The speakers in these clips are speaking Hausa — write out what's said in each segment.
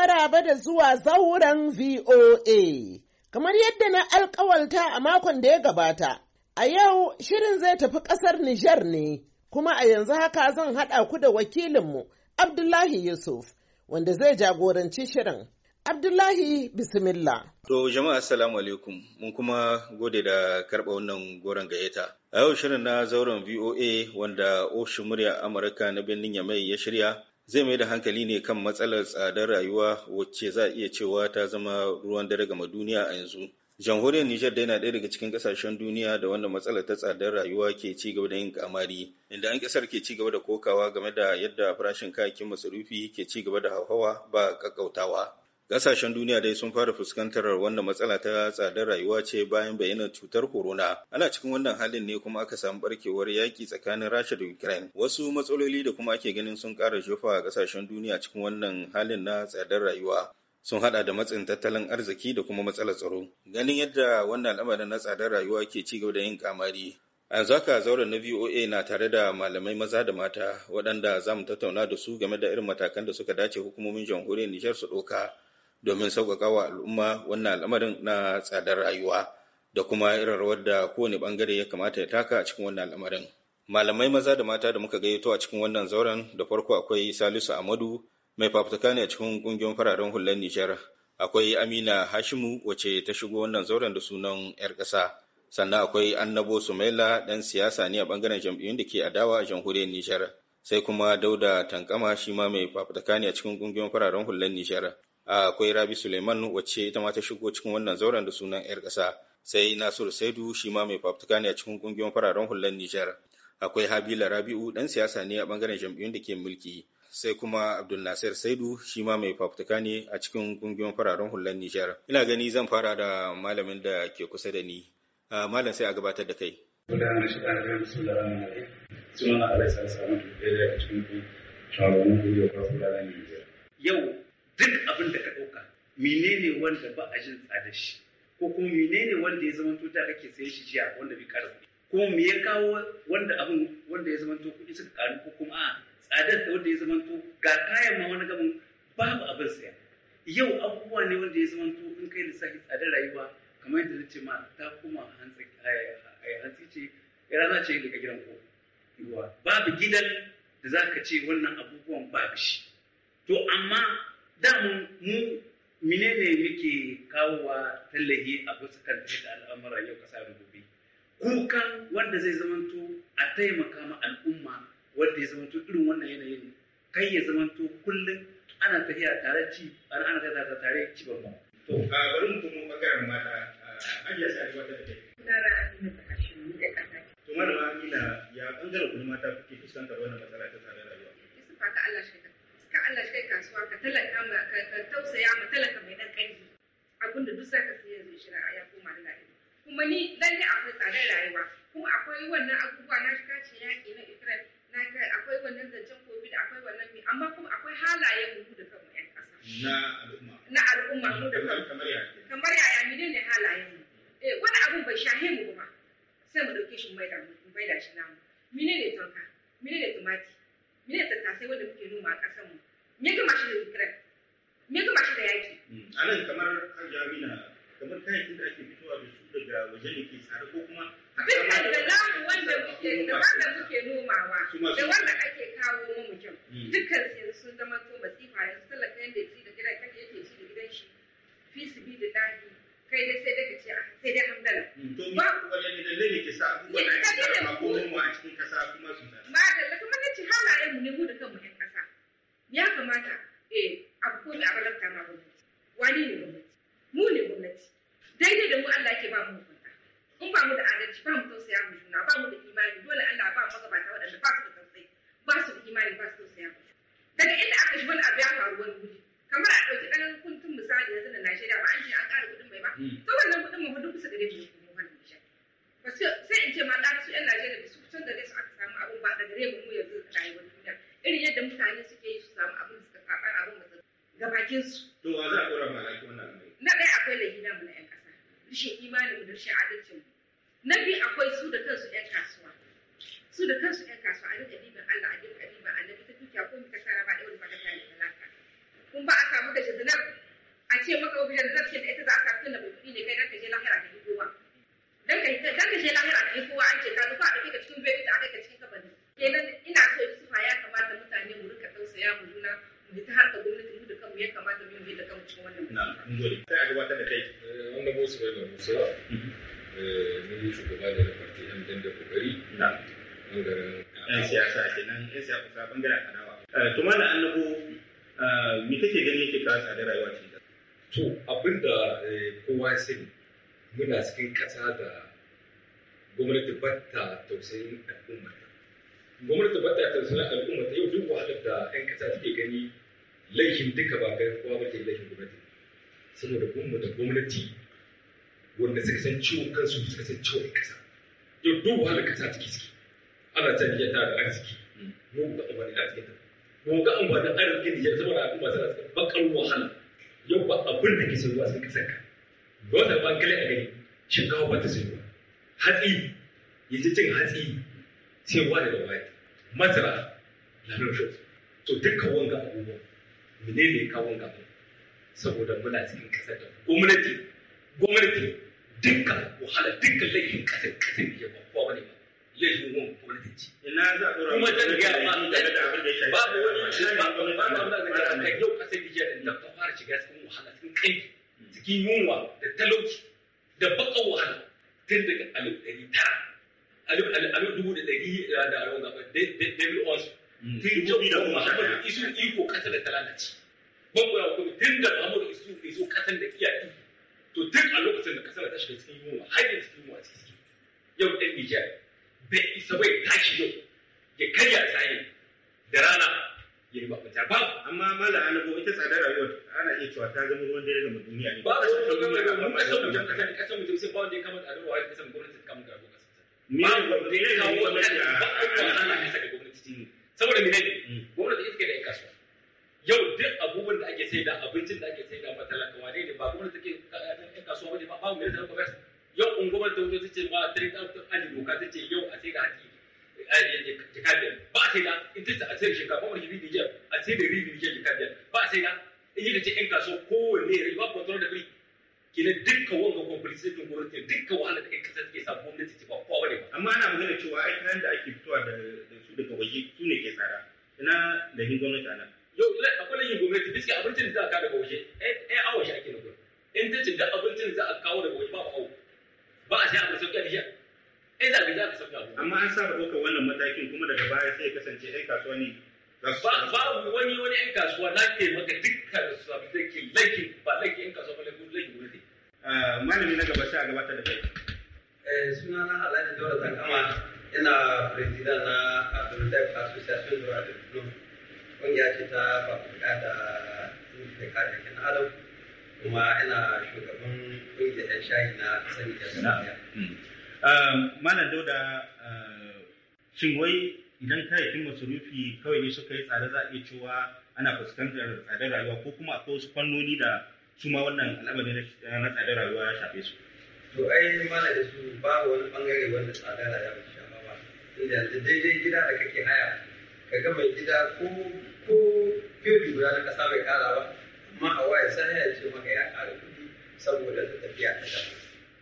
maraba da zuwa zauren VOA. Kamar yadda na alkawalta a makon da ya gabata, a yau shirin zai tafi ƙasar Nijar ne, kuma a yanzu haka zan haɗa ku da wakilinmu Abdullahi Yusuf, wanda zai jagoranci shirin. Abdullahi Bismillah. To jama'a assalamu alaikum mun kuma gode da karɓa wannan goron gayyata. A yau shirin na zauren VOA wanda ofishin murya Amurka na birnin Yamai ya shirya zai mai da hankali ne kan matsalar tsadar rayuwa wacce za a iya cewa ta zama ruwan dare game duniya a yanzu. Jamhuriyar Nijar dai na ɗaya daga cikin ƙasashen duniya da wannan matsalar ta tsadar rayuwa ke ci gaba da yin kamari, inda an ƙasar ke ci gaba da kokawa game da yadda farashin kayayyakin masarufi ke ci gaba da hauhawa ba ƙaƙƙautawa. Ƙasashen duniya dai sun fara fuskantar wannan matsala ta tsadar rayuwa ce bayan bayyanar cutar corona. Ana cikin wannan halin ne kuma aka samu barkewar yaƙi tsakanin Rasha da Ukraine. Wasu matsaloli da kuma ake ganin sun ƙara jofa a ƙasashen duniya cikin wannan halin na tsadar rayuwa. sun haɗa da matsin tattalin arziki da kuma matsalar tsaro. Ganin yadda wannan al'amarin na tsadar rayuwa ke ci gaba da yin kamari. A yanzu zauren na VOA na tare da malamai maza da mata waɗanda za mu tattauna da su game da irin matakan da suka dace hukumomin jamhuriyar Nijar su ɗauka domin sauƙaƙa wa al'umma wannan al'amarin na tsadar rayuwa da kuma irin rawar da kowane bangare ya kamata ya taka a cikin wannan al'amarin. Malamai maza da mata da muka gayyato a cikin wannan zauren da farko akwai Salisu Amadu mai fafutuka ne a cikin ƙungiyar fararen hular Nijar. Akwai Amina Hashimu wacce ta shigo wannan zauren da sunan 'yar ƙasa. Sannan akwai Annabo Sumaila ɗan siyasa ne a bangaren jam'iyyun da ke adawa a jamhuriyar Nijar. Sai kuma Dauda Tankama shi ma mai fafutuka ne a cikin ƙungiyar fararen hular Nijar. akwai rabi suleiman wacce ita ma ta shigo cikin wannan zauren da sunan 'yar ƙasa sai nasiru saidu shi ma mai fafutuka ne a cikin ƙungiyoyin fararen hular nijar akwai habila rabi'u dan siyasa ne a bangaren jam'iyyun da ke mulki sai kuma abdul nasir saidu shi ma mai fafutuka ne a cikin ƙungiyoyin fararen hular nijar ina gani zan fara da malamin da ke kusa da ni malam sai a gabatar da kai yau duk abin da ka ɗauka menene wanda ba a jin tsada shi ko kuma menene wanda ya zama tuta kake sayan shi jiya wanda bai kara kuɗi ko me ya kawo wanda abin wanda ya zama to kuɗi suka karu ko kuma a tsadar da wanda ya zama to ga kayan ma wani gaban babu abin saya yau abubuwa ne wanda ya zama to in kai lissafi tsadar rayuwa kamar yadda nace ma ta kuma hantsi ce rana ce daga gidan ko babu gidan da za ka ce wannan abubuwan babu shi to amma da mu menene muke wa tallahi a fuskar da al'amura yau kasa da gobe kukan wanda zai zamanto a taimaka ma al'umma wanda ya zamanto irin wannan yanayin kai ya zamanto kullum ana tafiya tare ci ana ana tafiya tare ci ba to a bari mu kuma ma mata an ya sa wata da na da kasa to malama Amina ya bangaren kuma mata kuke fuskantar wannan matsala ta tsadar rayuwa Yusuf ka Allah shi Allah kai kasuwa ka talaka ma ka tausaya ma talaka mai dan kai abin da duk zaka siya zai shi ya koma da rayuwa kuma ni ne akwai tsadar rayuwa kuma akwai wannan abubuwa na shiga ce yaƙi na Israel na kai akwai wannan zancen covid akwai wannan mi amma kuma akwai halaye mu da kanmu ƴan ƙasa na al'umma na al'umma mu da kanmu kamar yaya kamar yaya ne halayen mu eh wani abun bai shahe mu ba sai mu dauke shi mu maida mu maida shi namu ne menene ne ne tumati ne tattasai wanda muke noma a ƙasar mu me ga mashi da ukraine me ga mashi da yaƙi. Hmm, a nan kamar hajjamina kamar kayayyakin da ake fitowa da su daga waje ne ke tsare ko kuma Bisa da namu wanda muke da wanda muke nomawa da wanda ake kawo mu mutum hmm. dukkan su sun zama to masifa yanzu talaka yanda ci da gidan kake yake ci da gidan shi fi su bi da dahi kai dai sai daga ce ah, sai dai hamdala. Hmm, to ba wani ne lalle ne ke sa abubuwan da ake kawo mu a cikin kasa kuma su tsare. Ba da kamar na ci halayen mu ne mu da kanmu ne. ya kamata eh, a abu ko da ma gwamnati wani ne gwamnati mu ne gwamnati daidai da mu Allah ke ba mu hukunta in ba mu da adalci ba mu tausaya mu juna ba mu da imani dole Allah ba mu gabata waɗanda ba su da tausayi ba su da imani ba su tausaya mu daga inda aka shi wani abu ya faru wani wuri kamar a ɗauki ɗan kuntun misali yanzu na Najeriya ba an ce an ƙara kuɗin mai ba hmm. to wannan kuɗin mu duk su da ne alhakin su to wa za a dora ma alhakin wannan al'amari na ɗaya akwai lahina mu na ƴan ƙasa rashin imanin mu da rashin adalcin mu na biyu akwai su da kansu ƴan kasuwa su da kansu ƴan kasuwa a rika ɗiban Allah a rika ɗiban Allah, ta dukiya ko ka tara ba ɗaya ba ta yi da kun ba a samu da jazanar a ce maka wa bijan da ita za a samu tun da ne kai dan ka je lahira ka yi kowa dan ka dan ka je lahira ka yi kowa an ce ka zuwa a ɗauke cikin da aka ka cikin kabari kenan ina so Yusufa ya kamata mutane mu rika tausaya mu juna mu ta har Ngoli. ta a gabatar da kai. Eh, wanda Musa bai da Musa. Mun yi shugaba da na farti ɗan dan da kokari. Na. Bangaren. Yan siyasa nan yan siyasa kusa bangaren adawa. Eh, Tuma da annabo eh, me kake gani yake kawo tsadar rayuwa ce? To abinda kowa ya sani muna cikin ƙasa da gwamnati batta tausayin al'umma. Gwamnati batta tausayin al'umma ta yau duk wahalar da 'yan ƙasa suke gani laifin duka ba ga kowa ba ke laifin gwamnati saboda da gwamnati wanda suka san ciwon kansu suka san ciwon kasa yau duk wahalar kasa ciki ciki ana ta biya ta da arziki mu ga amfani da arziki mu ga amfani da arziki da zama da al'umma tana cikin bakar wahala yau ba abin da ke ruwa sai kasar ka wanda ba kale a gani kawo ba ta ruwa hatsi ya ji cin hatsi sai wa da baya matsala na nufin to dukkan wanga abubuwa menene ka wanga abubuwa saboda muna cikin kasar da gwamnati gwamnati dukkan wahala dukkan laifin kasar kasar ya ba kowa wani ba laifin wani gwamnati ce ina za a dora kuma dan ga ba babu wani babu babu abin da ga kan yau kasar Nijar din da ta fara shiga cikin wahala cikin kai cikin yunwa da talauci da bakan wahala tun daga alif ɗari tara alif alif dubu da ɗari da da da da da da da kuma da da da da da da magoya kudu tun dinga Muhammadu Isu bai zo kasan da iyaki to duk a lokacin da kasar ta shiga cikin yunwa har yanzu cikin yunwa ce suke yau ɗan Nijar bai isa bai tashi yau ya karya tsaye da rana ya yi ba fita ba amma mala alabo ita tsadar rayuwar ana iya cewa ta zama ruwan dare ga duniya ne ba a cikin duniya ga mu kasar mu kasar mu kasar mu sai ba wanda ya kama tsadar rayuwar kasar mu gwamnati ta kama ga kasar ba wanda ya kawo wanda wannan ba a kasa ga gwamnati saboda menene mm. gwamnati ita ke da kasuwa yau duk abubuwan da ake da abincin da ake da ba talakawa ne ba kuma da take kasuwa ne ba ba mu zarafa commerce yau ungumar ta wuce ce ma tare da ta aji doka ta ce yau a sai da haki jikabiyar ba a sai da in ta a sai da shinkafa wani ribi nijar a sai da ribi nijar jikabiyar ba a sai da in yi ka ce 'yan kasuwa kowanne a riba kwantar da biri kina dukkan wanga complicitin gwamnati dukkan wahala da ƴan kasar ke sa gwamnati ce ba kowa ne ba. amma ana magana cewa ai kayan da ake fitowa da su daga waje su ne ke tsada ina da hin gwamnati a nan. akwai lahin gwamnati fiske abincin da za a kawo daga waje ɗaya eh, eh, awa shi ake nufin in ta ce duk abincin da za a kawo daga waje ba awo ba a sha abin sauƙi a jiya ai za ka za a sauƙi amma an saba ɗaukar wannan matakin kuma daga baya sai ya kasance ɗan kasuwa ne babu wani wani ɗan kasuwa na ke maka dukkan su abin da ke laikin ba laikin ɗan kasuwa ba laikin laikin gwamnati. Eh, malami na gaba sai a gabatar da kai. na Alhaji Dora Zakama ina president na Abdul Dai Association Dora Dai kungiya ce ta fafuka da da kare kan alau kuma ina shugaban kungiyar 'yan shayi na da Nijar. Mm. Ah, malam Dauda ah, shin wai idan kayayyakin masarufi kawai ne suka yi tsare za a iya cewa ana fuskantar tsadar rayuwa ko kuma akwai wasu fannoni da su ma wannan al'amarin na tsadar rayuwa ya shafe su. To ai malam da su ba wani bangare wanda tsadar rayuwa ta shafa ba. Inda yanzu daidai gida da kake haya ka ga mai gida ko ko firfi guda na kasa bai ƙara ba amma a waya sai ya ce maka ya ƙara kuɗi saboda ta tafiya ta gaba.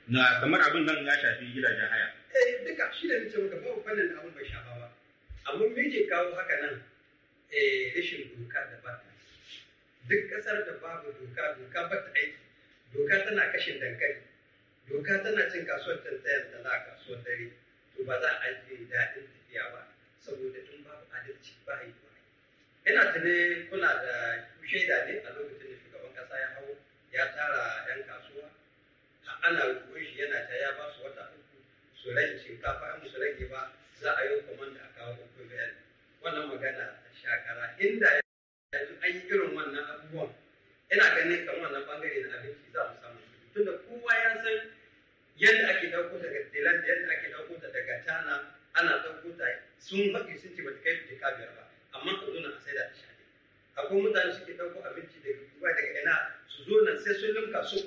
na kamar abin nan ya shafi gidajen haya. eh duka shi da nace maka babu fannin abin bai shafa ba amma me ke kawo haka nan eh rashin doka da ba duk ƙasar da babu doka doka ba ta aiki doka tana kashin dankali doka tana cin kasuwar tantayar da za a kasuwar dare to ba za a ji daɗin tafiya ba saboda in babu adalci ba a yi Yana tuni kuna da shaida ne a lokacin da shugaban kasa ya hau ya tara 'yan kasuwa ana rukun shi yana ta ya ba su wata uku su rage shinkafa in su rage ba za a yi komanda a kawo uku biyar wannan magana shakara inda an yi irin wannan abubuwan ina ganin kamar wannan bangare na abinci za mu samu tunda kowa ya san yadda ake ɗauko daga da yadda ake ɗauko daga China ana ɗauko ta sun haɗu sun ce ba ta kai jika biyar ba amma ka zo nan a saida da shi akwai mutane suke ɗauko abinci daga dubai daga ina su zo nan sai sun limka su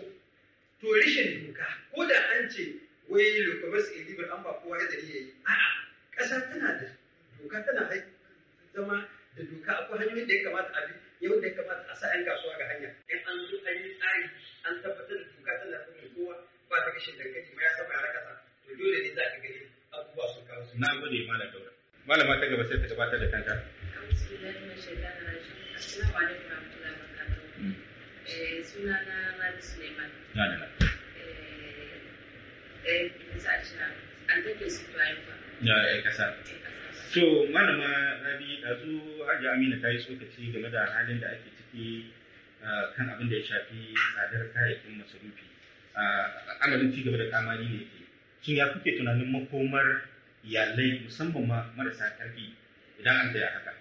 to rishin doka ko da an ce wai lokamas elibar an ba kowa izini ya yi a'a ƙasa tana da doka tana zama da doka akwai hanyoyin da ya kamata a bi yau da ya kamata a sa 'yan kasuwa ga hanya in an zo an yi tsari an tabbatar da doka tana da kowa ba ta kashin dankali ma ya saba ya rakasa to dole ne za ka gani abubuwa su kawo su na gode malam daura malama ta gaba sai ta gabatar da kanta sunana Rabi Ya, kasa. So, malama Rabi, ɗazu Hajji Amina ta yi tsokaci game da halin da ake ciki kan abin da ya shafi tsadar kayayyakin masarufi. Amalin ci gaba da kamari ne ke. Shin ya kuke tunanin makomar iyalai musamman ma marasa karfi idan an tsaya haka?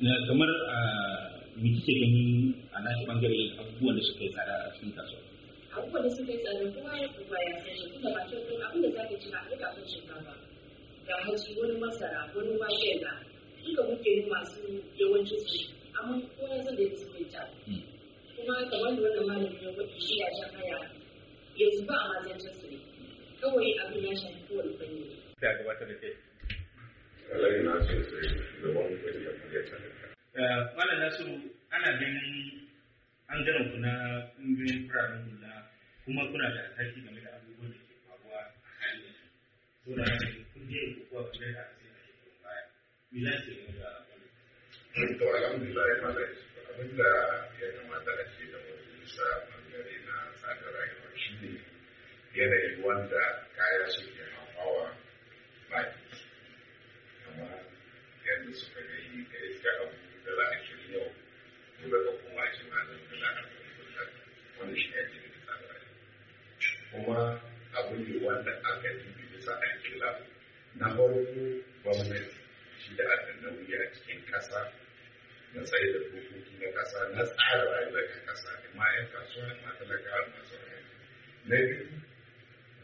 na kamar a me kike ganin a nashi bangare abubuwan da suka yi tsada a cikin kasuwa abubuwan da suka yi tsada kuma ya kuma ya sani kuma ba ta kuma abin da za ka ci ba a kan shinkafa ga haji wani masara wani wake na duka muke yi masu yawancin su amma kowa zan da ya su ta hmm. kuma kamar da wannan malamin ya kwaɗi shi ya ja haya yanzu ba a mazancin su ne kawai abin ya shafi kowane fanni. Ta gabatar da kai. Alai na da sai Eh, Malam Nasiru tsaye da dokoki na kasa na tsara rayuwar kasa ma yan kasuwa ma talakawa masu na biyu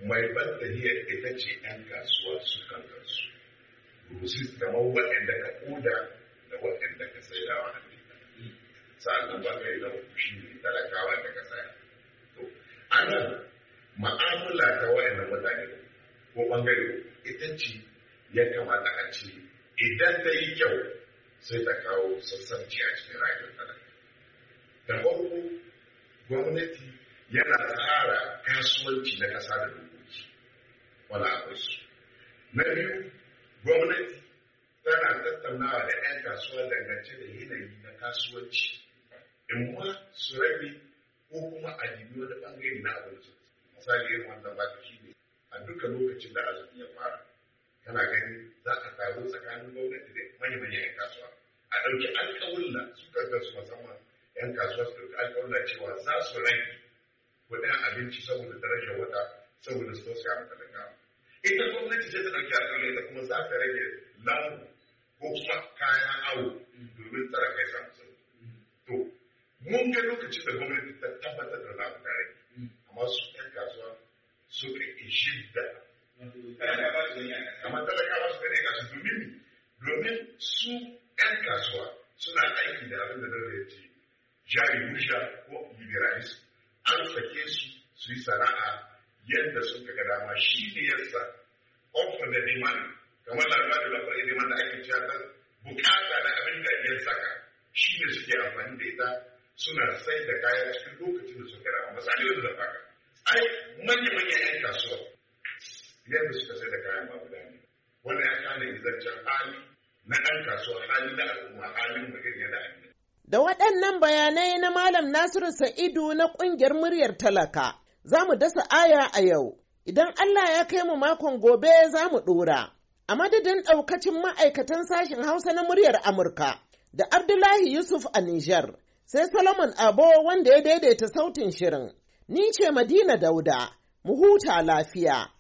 mai ban da hiyar ita ce yan kasuwa su kan kansu rusis kamar waɗanda ka koda da waɗanda ka sai da wa hannu ba ka yi uku ne talakawa da kasa saya to ana ma'amula ta na mutane ko bangare ita ce ya kamata a ce idan ta yi kyau sai ta kawo sassanci a cikin rayuwar ɗan da farko gwamnati yana tsara kasuwanci na ƙasa da dokoki wala akwai su na biyu gwamnati tana tattaunawa da 'yan kasuwa dangance da yanayi na kasuwanci in ma su rabe ko kuma a nemi wani bangare na abinci misali irin wannan ba shi ne a duka lokacin da azumi ya fara kana gani za ka taru tsakanin gwamnati da manya-manyan 'yan kasuwa a ɗauki alƙawulla su ɗauka su musamman 'yan kasuwa su ɗauki alƙawulla cewa za su rage kuɗin abinci saboda darajar wata saboda su tausaya mata daga ita gwamnati ce ta ɗauki alƙawulla ita kuma za ta rage lamu ko kuma kayan awo domin tsara kai samu sauki to mun ga lokacin da gwamnati ta tabbatar da lamu ta rage mm. amma su 'yan kasuwa suka ishi da talaka ba su gani kamar talaka ba su gani kasu domin domin su yan kasuwa suna aiki da abin da dare ce jari rusha ko liberalis an sake su su yi sana'a yadda suka ga dama shi ne yasa offer da demand kamar labarin da kwarai demand da ake cewa bukata da abin da ya saka shi ne suke amfani da ita suna sai da kaya cikin lokacin da suka dama misali wanda da manya-manyan 'yan kasuwa yadda suka sai da kayan babu dani wannan ya kane zancen hali na ɗan kasuwa hali da al'umma halin mu irin yana da waɗannan bayanai na malam nasiru sa'idu na ƙungiyar muryar talaka za mu dasa aya a yau idan allah ya kai mu makon gobe za mu ɗora a madadin ɗaukacin ma'aikatan sashen hausa na muryar amurka da abdullahi yusuf a nijar sai solomon abo wanda ya daidaita sautin shirin ni ce madina dauda mu huta lafiya